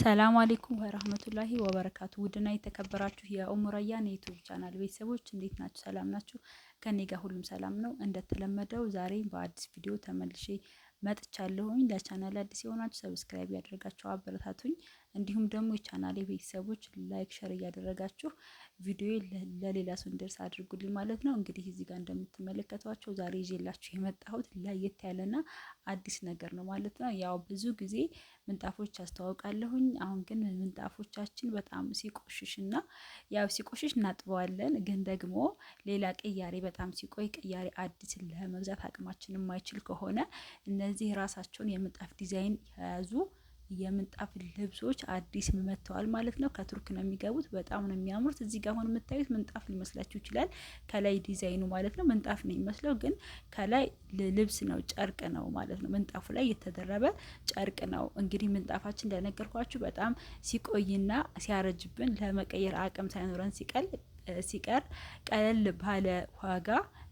ሰላም አለይኩም ወራህመቱላሂ ወበረካቱ። ውድና የተከበራችሁ የኡሙረያን የዩቲዩብ ቻናል ቤተሰቦች እንዴት ናችሁ? ሰላም ናችሁ? ከኔ ጋር ሁሉም ሰላም ነው። እንደተለመደው ዛሬ በአዲስ ቪዲዮ ተመልሼ መጥቻለሁኝ። ለቻናል አዲስ የሆናችሁ ሰብስክራይብ ያደርጋችሁ አበረታቱኝ። እንዲሁም ደግሞ የቻናሌ ቤተሰቦች ላይክ ሸር እያደረጋችሁ ቪዲዮ ለሌላ ሰው እንዲደርስ አድርጉልኝ ማለት ነው። እንግዲህ እዚህ ጋር እንደምትመለከቷቸው ዛሬ ይዤላችሁ የመጣሁት ለየት ያለና አዲስ ነገር ነው ማለት ነው። ያው ብዙ ጊዜ ምንጣፎች አስተዋውቃለሁኝ። አሁን ግን ምንጣፎቻችን በጣም ሲቆሽሽና ያው ሲቆሽሽ እናጥበዋለን፣ ግን ደግሞ ሌላ ቅያሬ በጣም ሲቆይ ቅያሬ አዲስ ለመግዛት አቅማችን የማይችል ከሆነ እነዚህ ራሳቸውን የምንጣፍ ዲዛይን የያዙ የምንጣፍ ልብሶች አዲስ መጥተዋል ማለት ነው። ከቱርክ ነው የሚገቡት። በጣም ነው የሚያምሩት። እዚህ ጋር አሁን የምታዩት ምንጣፍ ሊመስላችሁ ይችላል። ከላይ ዲዛይኑ ማለት ነው ምንጣፍ ነው የሚመስለው፣ ግን ከላይ ልብስ ነው ጨርቅ ነው ማለት ነው። ምንጣፉ ላይ የተደረበ ጨርቅ ነው። እንግዲህ ምንጣፋችን እንደነገርኳችሁ በጣም ሲቆይና ሲያረጅብን ለመቀየር አቅም ሳይኖረን ሲቀል ሲቀር ቀለል ባለ ዋጋ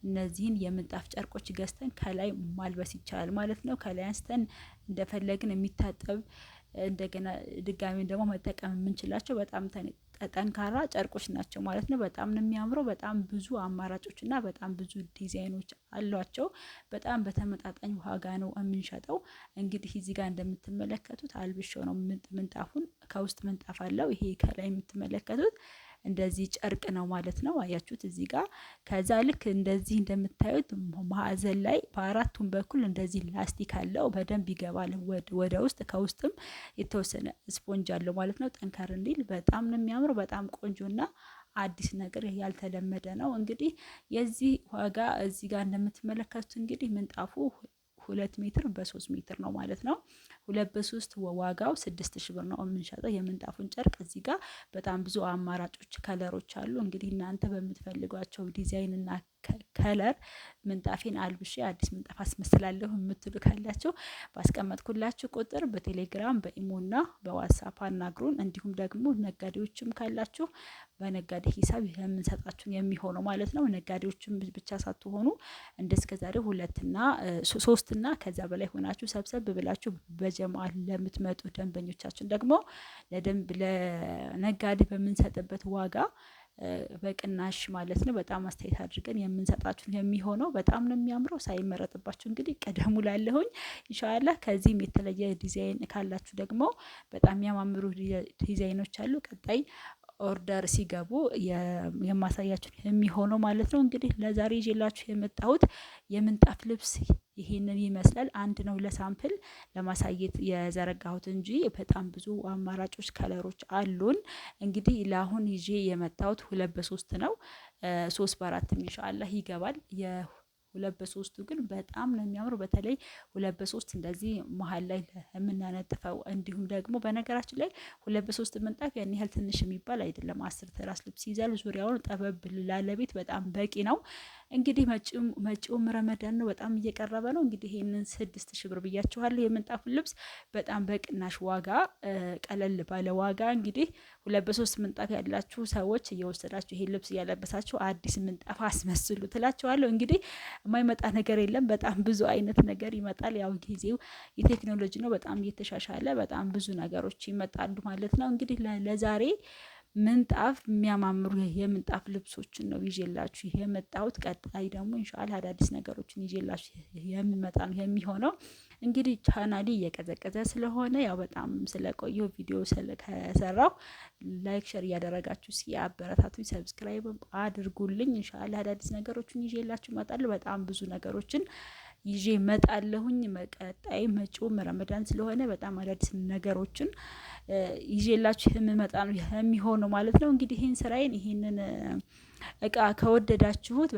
እነዚህን የምንጣፍ ጨርቆች ገዝተን ከላይ ማልበስ ይቻላል ማለት ነው። ከላይ አንስተን እንደፈለግን የሚታጠብ እንደገና ድጋሚን ደግሞ መጠቀም የምንችላቸው በጣም ጠንካራ ጨርቆች ናቸው ማለት ነው። በጣም ነው የሚያምረው። በጣም ብዙ አማራጮች እና በጣም ብዙ ዲዛይኖች አሏቸው። በጣም በተመጣጣኝ ዋጋ ነው የምንሸጠው። እንግዲህ እዚህ ጋር እንደምትመለከቱት አልብሾ ነው ምንጣፉን። ከውስጥ ምንጣፍ አለው። ይሄ ከላይ የምትመለከቱት እንደዚህ ጨርቅ ነው ማለት ነው። አያችሁት እዚህ ጋር። ከዛ ልክ እንደዚህ እንደምታዩት ማዕዘን ላይ በአራቱም በኩል እንደዚህ ላስቲክ አለው። በደንብ ይገባል ወደ ውስጥ። ከውስጥም የተወሰነ ስፖንጅ አለው ማለት ነው፣ ጠንከር እንዲል። በጣም ነው የሚያምር። በጣም ቆንጆና አዲስ ነገር ያልተለመደ ነው። እንግዲህ የዚህ ዋጋ እዚህ ጋር እንደምትመለከቱት እንግዲህ ምንጣፉ ሁለት ሜትር በሶስት ሜትር ነው ማለት ነው። ሁለት በሶስት ዋጋው ስድስት ሺ ብር ነው የምንሸጠው የምንጣፉን ጨርቅ። እዚህ ጋር በጣም ብዙ አማራጮች ከለሮች አሉ። እንግዲህ እናንተ በምትፈልጓቸው ዲዛይን እና ከለር ምንጣፌን አልብሼ አዲስ ምንጣፍ አስመስላለሁ የምትሉ ካላቸው ባስቀመጥኩላችሁ ቁጥር በቴሌግራም በኢሞና በዋትሳፕ አናግሩን። እንዲሁም ደግሞ ነጋዴዎችም ካላችሁ በነጋዴ ሂሳብ የምንሰጣችሁ የሚሆነው ማለት ነው። ነጋዴዎችም ብቻ ሳትሆኑ እንደ እስከዛሬ ሁለትና ሶስትና ከዛ በላይ ሆናችሁ ሰብሰብ ብላችሁ ለጀማዓ ለምትመጡ ደንበኞቻችን ደግሞ ለደንብ ለነጋዴ በምንሰጥበት ዋጋ በቅናሽ ማለት ነው። በጣም አስተያየት አድርገን የምንሰጣችሁን የሚሆነው በጣም ነው የሚያምረው። ሳይመረጥባችሁ እንግዲህ ቀደሙ ላለሁኝ ኢንሻላህ። ከዚህም የተለየ ዲዛይን ካላችሁ ደግሞ በጣም የሚያማምሩ ዲዛይኖች አሉ። ቀጣይ ኦርደር ሲገቡ የማሳያችሁ የሚሆነው ማለት ነው። እንግዲህ ለዛሬ ይዤላችሁ የመጣሁት የምንጣፍ ልብስ ይሄንን ይመስላል። አንድ ነው ለሳምፕል ለማሳየት የዘረጋሁት እንጂ በጣም ብዙ አማራጮች ከለሮች አሉን። እንግዲህ ለአሁን ይዤ የመጣሁት ሁለት በሶስት ነው። ሶስት በአራት ኢንሻአላህ ይገባል። ሁለት በሶስቱ ግን በጣም ነው የሚያምሩ። በተለይ ሁለት በሶስት እንደዚህ መሀል ላይ የምናነጥፈው እንዲሁም ደግሞ በነገራችን ላይ ሁለት በሶስት ምንጣፍ ያን ያህል ትንሽ የሚባል አይደለም። አስር ትራስ ልብስ ይዛል። ዙሪያውን ጠበብ ላለቤት በጣም በቂ ነው። እንግዲህ መጪውም ረመዳን ነው፣ በጣም እየቀረበ ነው። እንግዲህ ይህንን ስድስት ሺህ ብር ብያችኋለሁ። የምንጣፉን ልብስ በጣም በቅናሽ ዋጋ፣ ቀለል ባለ ዋጋ እንግዲህ ሁለት በሶስት ምንጣፍ ያላችሁ ሰዎች እየወሰዳችሁ ይሄን ልብስ እያለበሳችሁ አዲስ ምንጣፍ አስመስሉ ትላችኋለሁ። እንግዲህ የማይመጣ ነገር የለም። በጣም ብዙ አይነት ነገር ይመጣል። ያው ጊዜው የቴክኖሎጂ ነው። በጣም እየተሻሻለ በጣም ብዙ ነገሮች ይመጣሉ ማለት ነው። እንግዲህ ለዛሬ ምንጣፍ የሚያማምሩ የምንጣፍ ልብሶችን ነው ይዤላችሁ የመጣሁት። ቀጣይ ደግሞ እንሻላ አዳዲስ ነገሮችን ይዤላችሁ የሚመጣ ነው የሚሆነው። እንግዲህ ቻናሌ እየቀዘቀዘ ስለሆነ ያው በጣም ስለቆየው ቪዲዮ ከሰራው ላይክ፣ ሸር እያደረጋችሁ ሲያበረታቱኝ ሰብስክራይብ አድርጉልኝ። እንሻላ አዳዲስ ነገሮችን ይዤላችሁ እመጣለሁ። በጣም ብዙ ነገሮችን ይዤ መጣለሁኝ። መቀጣይ መጪውም ረመዳን ስለሆነ በጣም አዳዲስ ነገሮችን ይዤላችሁ የምመጣ ነው የሚሆነው ማለት ነው። እንግዲህ ይህን ስራዬን ይህንን እቃ ከወደዳችሁት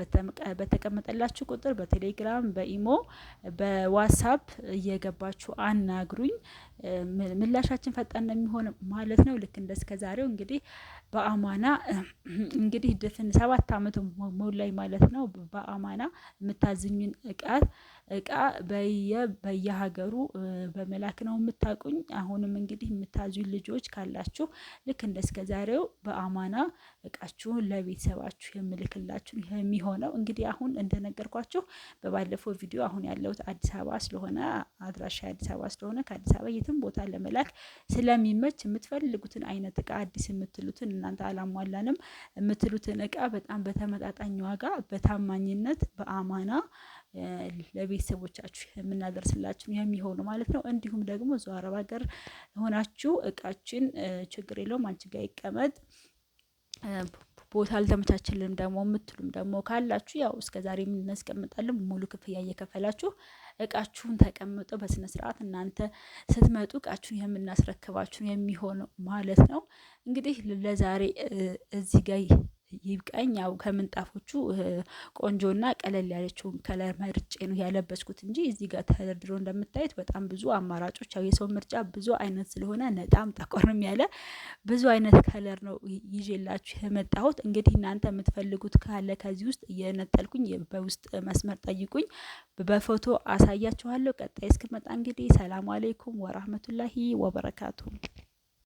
በተቀመጠላችሁ ቁጥር በቴሌግራም፣ በኢሞ፣ በዋትሳፕ እየገባችሁ አናግሩኝ። ምላሻችን ፈጣን ነው የሚሆን ማለት ነው። ልክ እንደ እስከ ዛሬው እንግዲህ በአማና እንግዲህ ድፍን ሰባት አመቱ ሞላኝ ማለት ነው። በአማና የምታዝኙን እቃት እቃ በየ በየሀገሩ በመላክ ነው የምታውቁኝ። አሁንም እንግዲህ የምታዙኝ ልጆች ካላችሁ ልክ እንደ ዛሬው በአማና እቃችሁን ለቤተሰባችሁ የምልክላችሁ የሚሆነው እንግዲህ አሁን እንደነገርኳችሁ በባለፈው ቪዲዮ አሁን ያለሁት አዲስ አበባ ስለሆነ አድራሻ አዲስ አበባ ስለሆነ ከአዲስ አበባ የትም ቦታ ለመላክ ስለሚመች የምትፈልጉትን አይነት እቃ አዲስ የምትሉትን እናንተ አላሟላንም የምትሉትን እቃ በጣም በተመጣጣኝ ዋጋ በታማኝነት በአማና ለቤተሰቦቻችሁ የምናደርስላችሁ የሚሆኑ ማለት ነው። እንዲሁም ደግሞ እዛው አረብ ሀገር ሆናችሁ እቃችን ችግር የለውም አንቺ ጋር ይቀመጥ ቦታ አልተመቻችልንም ደግሞ የምትሉም ደግሞ ካላችሁ ያው እስከ ዛሬ የምናስቀምጣለን ሙሉ ክፍያ እየከፈላችሁ እቃችሁን ተቀምጦ በስነ ስርዓት እናንተ ስትመጡ እቃችሁን የምናስረክባችሁ የሚሆን ማለት ነው። እንግዲህ ለዛሬ እዚህ ጋር ይብቀኝ። ያው ከምንጣፎቹ ቆንጆና ቀለል ያለችውን ከለር መርጬ ነው ያለበስኩት እንጂ እዚህ ጋር ተደርድሮ እንደምታዩት በጣም ብዙ አማራጮች፣ ያው የሰው ምርጫ ብዙ አይነት ስለሆነ ነጣም ጠቆርም ያለ ብዙ አይነት ከለር ነው ይዤላችሁ የመጣሁት። እንግዲህ እናንተ የምትፈልጉት ካለ ከዚህ ውስጥ እየነጠልኩኝ በውስጥ መስመር ጠይቁኝ፣ በፎቶ አሳያችኋለሁ። ቀጣይ እስክመጣ እንግዲህ ሰላሙ አሌይኩም ወራህመቱላሂ ወበረካቱ።